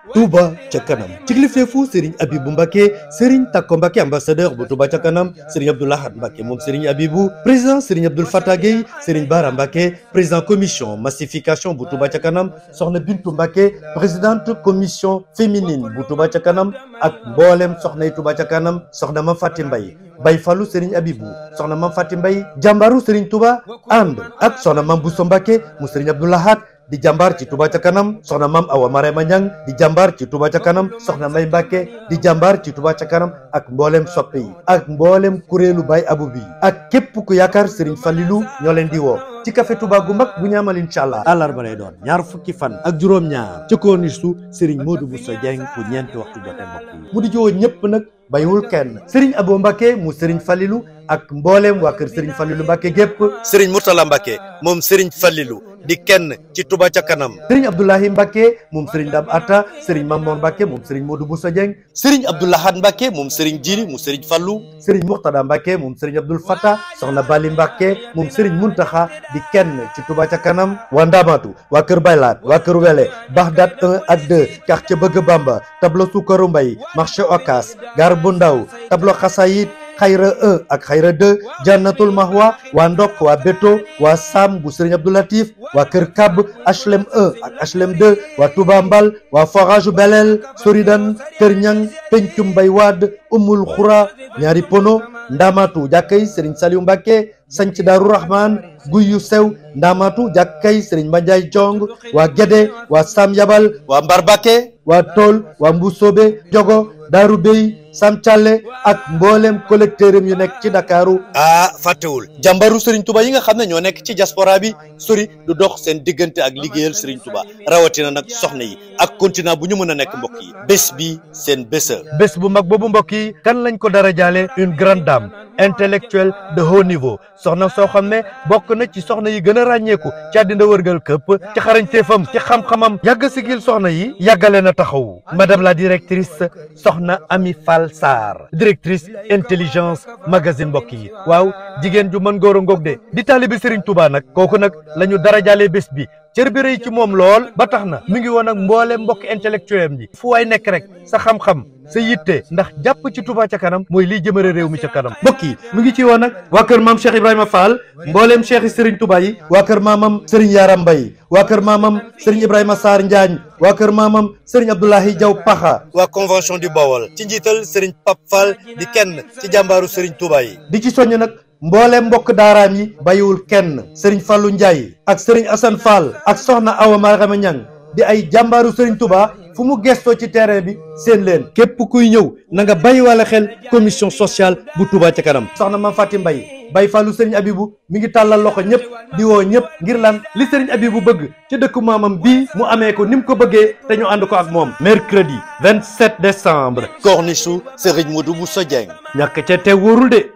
Touba ca kanam ci kilifteefu Serigne Abibou Mbacké Serigne Takko Mbacké ambassadeur bu Touba ca kanam Serigne Abdou Lahad moom Serigne Abibou président Serigne Abdoul Fattah Gueye Serigne Bara mbake président commission massification bu Touba ca kanam soxna bintu Mbacké présidente commission féminine bu Touba ca kanam ak mboolem soxnay Touba ca kanam soxna Mame Faty Mbaye Baye Fallou Serigne Abibou soxna Mame Faty Mbaye jàmbaaru Serigne Touba ànd ak soxna Mame Bousso Mbacké mu Serigne Abdou di jàmbaar ci Touba ca kanam soxna maam Awa ma Ñang di jàmbaar ci Touba ca kanam soxna May Mbàkke di jàmbaar ci Touba ca kanam ak mbooleem soppe yi ak mboolem kuréelu bay Abou bi ak képp ku yaakaar Serigne Fallilou ñoo leen di woo ci kafe Touba gu mag bu ñu amal allah allah àllarba lay doon ñaar fukki fan ak juróom-ñaar ci corniche moo Modou Bousso Dieng bu ñeenti waxtu jotee mbokk yi mu di jowoo ñëpp nag bàyyiwul kenn Serigne Abo Mbàkke mu Serigne Fallilou ak mboolem waa kër Serigne Fallilou Mbacke gépp Serigne Mourtala Mbacke moom Serigne Fallilou di kenn ci Touba ca kanam Serigne Abdoulahi mbake moom Serigne Dam Atta Serigne Mamor Mbacke moom Serigne Modou Boussa Dieng Serigne Abdoulahad Mbacke moom Serigne Jiri moom Serigne Fallou Serigne Mourtada Mbacke moom Serigne Abdoul Fattah Soxna Bali Mbacke moom Serigne Muntaxa di kenn ci Touba ca kanam wa Ndamatu waa kër Baylaat waa kër Wele Bagdad 1 ak 2 quartier Bëgg Bamba tableau Sukaru Mbay marché Okas gar bu xayra 1 e ak xayra 2 jannatul mahwa waa ndok waa béto waa sam bu sëriñ Abdou Latif waa kër kab HLM 1 e ak HLM 2 waa Touba Mbal waa forage Belel Soridan kër pencum bay waad umul xura ñaari pono ndaamatu jàkkay sëriñ Saliou Mbacké sanc Daaru Rahman yu sew ndamatu jàkkay sëriñ Mandiaye Jong waa Guédé waa Sam Yabal waa Mbarbake waa Tool waa Mbousobe Jogo Daaru Bey Sam Thialé ak mboolem collecteur am yu nekk ci Ndakaaru ah fàttewul jàmbaru Serigne Touba yi nga xam ne ñoo nekk ci jaspora bi sori du dox seen diggante ak liggéeyal Serigne Touba rawatina nag soxna yi ak continent bu ñu mën a nekk mbok yi bés bi seen bésa bés bu mag boobu mbokk yi kan lañ ko dara jaale une grande dame intellectuelle de haut niveau soxna soo xam ne bokk na ci soxna yi gën a ràññeeku ci àddina wërgal këpp ci xarañteefam ci xam-xamam yàgg sigil soxna yi yàggale na taxawu madame la directrice soxna Ami Fall Sarr directrice intelligence magazine mbokk yi waaw jigéen ju mën góor a ngoog de di taalibi Serigne Touba nag kooku nag la ñu darajalee bés bi cër bi rëy ci moom lool ba tax na mu ngi woon ak mboole mbokk intellectuel yi fu waay nekk rek sa xam sa yitte ndax jàpp ci tubaa ca kanam mooy liy jëmare réew mi ca kanam mbokk yi mu ngi ci woon nag waa kër maam Cheikh Ibrahima Fall mbooleem Cheikh Serigne Touba yi waa kër maamam Serigne Yaram bay waa kër maamam Serigne Ibrahima saar Njaañ waa kër maamam Serigne Abdoulahi Diaw Paxa waa convention du Bawol ci njiital Serigne Pape Fall di kenn ci jàmbaaru Serigne Touba yi di ci soññ nag mbooleem mbokk daaraam yi bàyyiwul kenn Serigne Fallou Ndiaye ak Serigne Assane Fall ak Soxna Awa Marama fu mu gestoo ci terrain bi seen leen képp kuy ñëw na nga bàyyi wala xel commission sociale bu Touba ci kanam soxna Mame Faty Mbaye Baye Fallou Serigne Abibou mi ngi tàllal loxo ñëpp di woo ñëpp ngir lan li Serigne Abibou bëgg ci dëkku maamam bii mu amee ko ni mu ko bëggee te ñu ànd ko ak moom mercredi 27 décembre corniche su Serigne Modou Moussa Dieng ñàkk ca te wóorul de